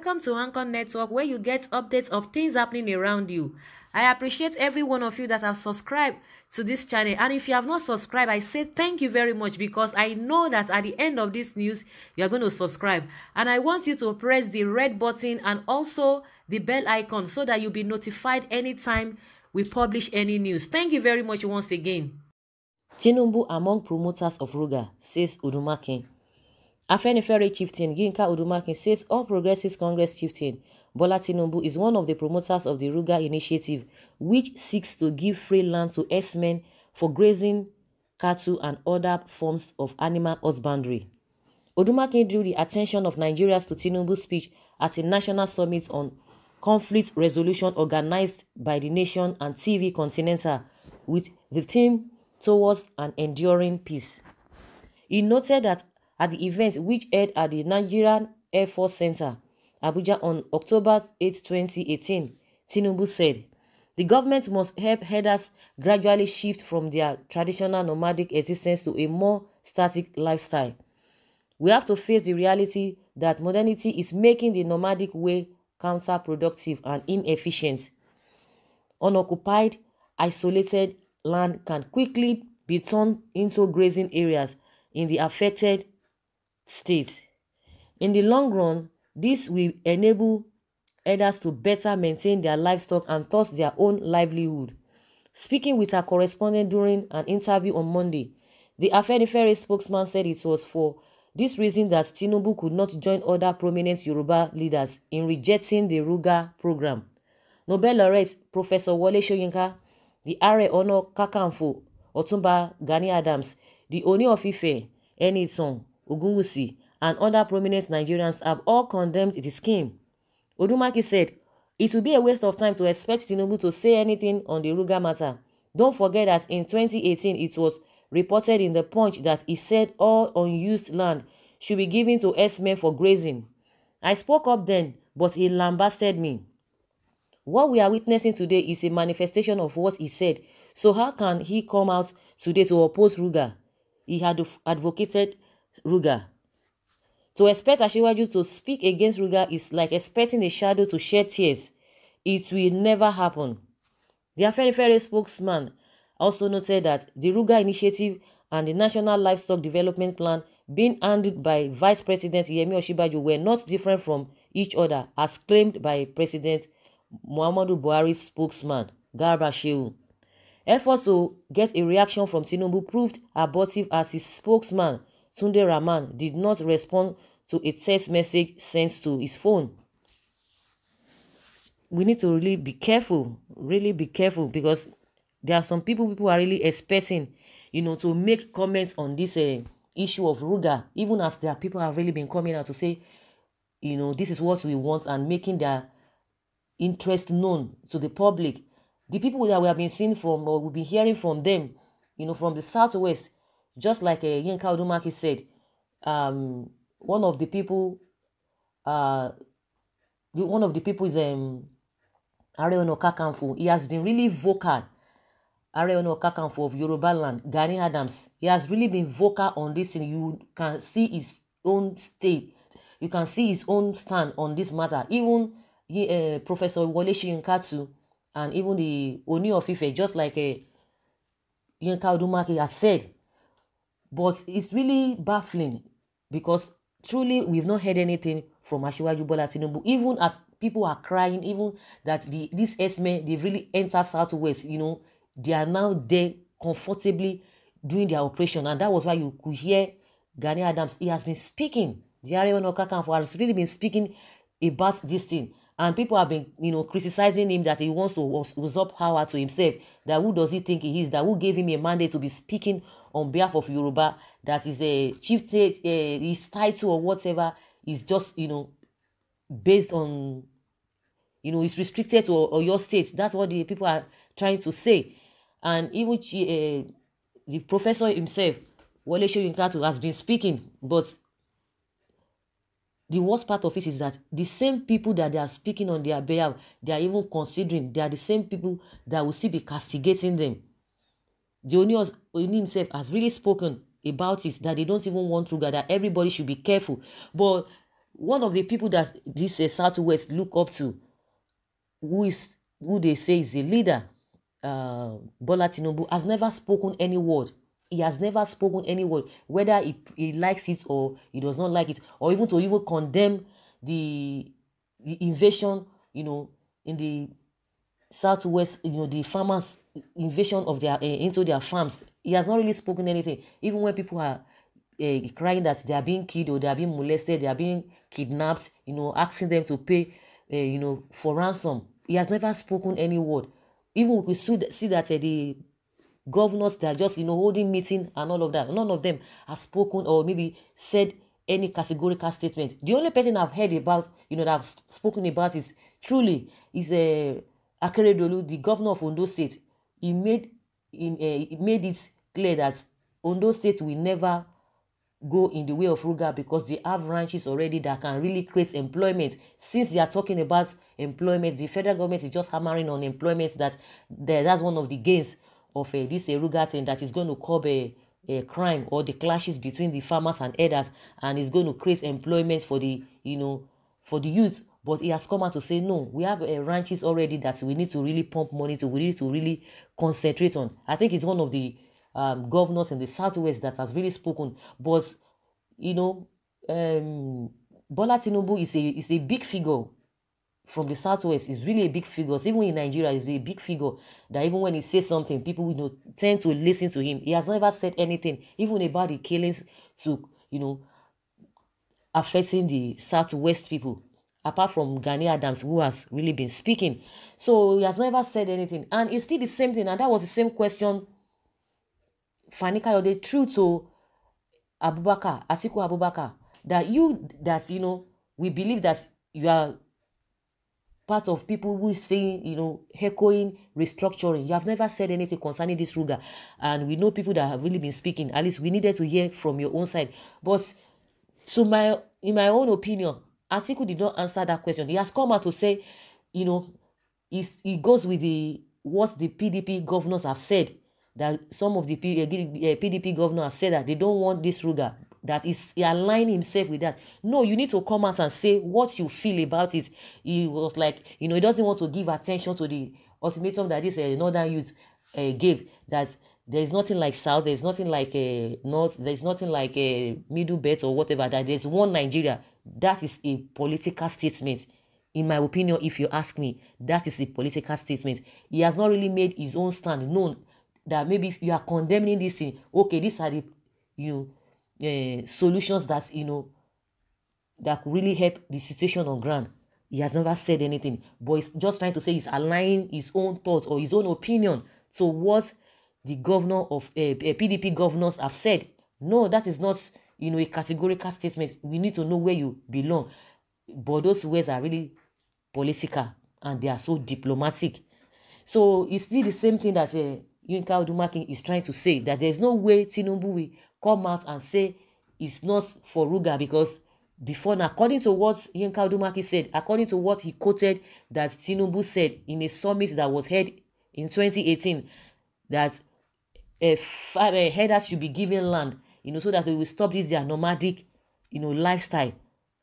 Welcome to Anchor Network where you get updates of things happening around you. I appreciate every one of you that have subscribed to this channel. And if you have not subscribed, I say thank you very much because I know that at the end of this news, you're going to subscribe. And I want you to press the red button and also the bell icon so that you'll be notified anytime we publish any news. Thank you very much once again. Tinubu among promoters of Ruga, says Udumakin. Afenifere chieftain Ginka Odumakin says All Progressives Congress chieftain Bola is one of the promoters of the Ruga Initiative, which seeks to give free land to S-men for grazing cattle and other forms of animal husbandry. Odumakin drew the attention of Nigerians to speech at a national summit on conflict resolution organized by the nation and TV Continental with the theme Towards an Enduring Peace. He noted that at the event which held at the Nigerian Air Force Center, Abuja on October 8, 2018, Tinubu said, the government must help herders gradually shift from their traditional nomadic existence to a more static lifestyle. We have to face the reality that modernity is making the nomadic way counterproductive and inefficient. Unoccupied, isolated land can quickly be turned into grazing areas in the affected state. In the long run, this will enable others to better maintain their livestock and thus their own livelihood. Speaking with a correspondent during an interview on Monday, the Afenifere spokesman said it was for this reason that Tinubu could not join other prominent Yoruba leaders in rejecting the Ruga program. Nobel laureate Professor Wale Soyinka, the Are Ono Kakanfo, Otumba Gani Adams, the Oni of Ife, Eniton, Uguwusi, and other prominent Nigerians have all condemned the scheme. Odumaki said, It would be a waste of time to expect Tinubu to say anything on the Ruga matter. Don't forget that in 2018 it was reported in the Punch that he said all unused land should be given to S-men for grazing. I spoke up then, but he lambasted me. What we are witnessing today is a manifestation of what he said. So how can he come out today to oppose Ruga? He had advocated Ruga. To expect Ashiwaju to speak against Ruga is like expecting a shadow to shed tears. It will never happen. The Ferry spokesman also noted that the Ruga initiative and the National Livestock Development Plan being handled by Vice President Yemi Oshibaju were not different from each other as claimed by President Muhammadu Buhari's spokesman, Garba Shehu. Efforts to get a reaction from Tinubu proved abortive as his spokesman Tunde Rahman did not respond to a text message sent to his phone. We need to really be careful, really be careful because there are some people people are really expecting, you know, to make comments on this uh, issue of Ruga, even as there are people have really been coming out to say, you know, this is what we want and making their interest known to the public. The people that we have been seeing from or we've been hearing from them, you know, from the southwest, just like uh, Yinka Odumaki said, um, one of the people, uh, one of the people is um, Are He has been really vocal. Are Ono of Yoruba land, Gani Adams. He has really been vocal on this thing. You can see his own state. You can see his own stand on this matter. Even uh, Professor Wole Shinkatsu and even the Oni of Ife, just like uh, Yinka Odumaki has said, but it's really baffling because truly we've not heard anything from Ashiwaju Bola Tinubu, even as people are crying, even that the these S-men, they really enter Southwest, you know, they are now there comfortably doing their operation. And that was why you could hear Gani Adams. He has been speaking. The Arion Okakamfo has really been speaking about this thing. And people have been, you know, criticizing him that he wants to usurp power to himself. That who does he think he is? That who gave him a mandate to be speaking on behalf of Yoruba that is a chieftain uh, eh, his title or whatever is just you know based on you know it's restricted to or your state that's what the people are trying to say and even uh, the professor himself Wole Soyinka has been speaking but the worst part of it is that the same people that they are speaking on their behalf they are even considering they are the same people that will still be castigating them Dionysius himself has really spoken about it that they don't even want to gather. Everybody should be careful. But one of the people that this uh, Southwest look up to, who is who they say is the leader, uh, Bola has never spoken any word. He has never spoken any word, whether he, he likes it or he does not like it, or even to even condemn the, the invasion, you know, in the southwest, you know, the farmers' invasion of their uh, into their farms. He has not really spoken anything, even when people are uh, crying that they are being killed or they are being molested, they are being kidnapped. You know, asking them to pay, uh, you know, for ransom. He has never spoken any word. Even we could see that uh, the governors they are just you know holding meeting and all of that. None of them have spoken or maybe said any categorical statement. The only person I've heard about, you know, that I've spoken about is truly is a Akeredolu, the governor of Ondo State, he made, he, uh, he made it clear that Ondo State will never go in the way of Ruga because they have ranches already that can really create employment. Since they are talking about employment, the federal government is just hammering on employment that the, that's one of the gains of uh, this uh, eh, Ruga thing that is going to curb a, a crime or the clashes between the farmers and herders and is going to create employment for the, you know, for the youth But he has come out to say, no, we have uh, ranches already that we need to really pump money to, we need to really concentrate on. I think it's one of the um, governors in the southwest that has really spoken. But, you know, um, Bola Tinubu is a, is a big figure from the southwest is really a big figure. even in Nigeria, is a big figure that even when he says something, people you know tend to listen to him. He has never said anything, even about the killings to you know affecting the southwest people apart from Gani Adams, who has really been speaking. So he has never said anything. And it's still the same thing. And that was the same question Fani Kayode threw to Abubakar, Atiku Abubakar, that you, that, you know, we believe that you are part of people who is saying, you know, echoing restructuring. You have never said anything concerning this Ruga. And we know people that have really been speaking. At least we needed to hear from your own side. But so my in my own opinion, Atiku did not answer that question. He has come out to say, you know, he goes with the what the PDP governors have said that some of the P, uh, eh, PDP eh, governors have said that they don't want this Ruga. That is he aligning himself with that. No, you need to come out and say what you feel about it. He was like, you know, he doesn't want to give attention to the ultimatum that this uh, northern youth uh, gave that There's nothing like South, there's nothing like a uh, North, there's nothing like a uh, Middle Belt or whatever. That there's one Nigeria. That is a political statement. In my opinion, if you ask me, that is a political statement. He has not really made his own stand known that maybe if you are condemning this thing, okay, these are the you know, uh, solutions that you know that really help the situation on ground. He has never said anything, but he's just trying to say he's aligning his own thoughts or his own opinion to what the governor of uh, eh, eh, PDP governors have said. No, that is not you know a categorical statement. We need to know where you belong. But those words are really political and they are so diplomatic. So it's still the same thing that uh, Yinka Odumakin is trying to say that there's no way Tinubu will come out and say it's not for Ruga because before now, according to what Yinka Odumakin said, according to what he quoted that Tinubu said in a summit that was held in 2018, that a, five, header should be given land, you know, so that they will stop this their nomadic, you know, lifestyle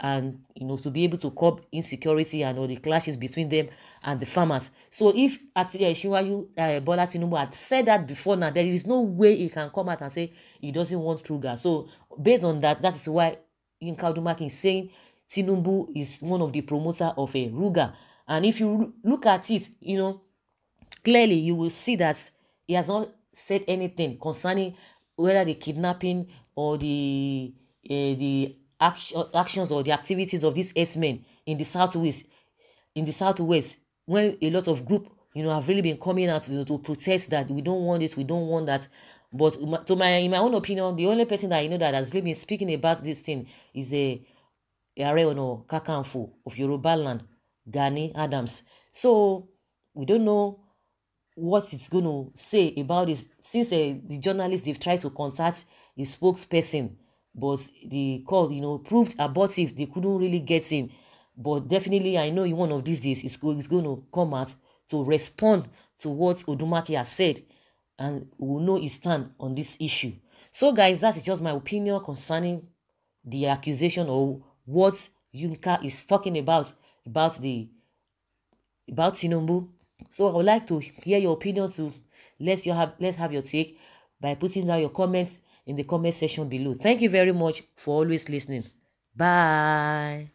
and you know to be able to curb insecurity and all the clashes between them and the farmers. So if Atiya Ishiwaju uh, Bola Tinubu had said that before now, there is no way he can come out and say he doesn't want Truga. So based on that, that is why Yinka Odumak is saying Tinubu is one of the promoter of a Ruga. And if you look at it, you know, clearly you will see that he has not said anything concerning whether the kidnapping or the uh, the action, actions or the activities of these S-men in the southwest in the southwest when a lot of group you know have really been coming out you know, to protest that we don't want this we don't want that but to my in my own opinion the only person that i know that has really been speaking about this thing is eh, a Ààrẹ Ọ̀nà Kakanfò of Yoruba land Gani Adams so we don't know what it's going to say about this since uh, the journalists they've tried to contact the spokesperson but the call you know proved abortive they couldn't really get him but definitely i know in one of these days it's, going to come out to respond to what odumaki has said and we'll know his stand on this issue so guys that is just my opinion concerning the accusation or what yunka is talking about about the about tinubu so I would like to hear your opinion too. Let's have let's have your take by putting down your comments in the comment section below. Thank you very much for always listening. Bye.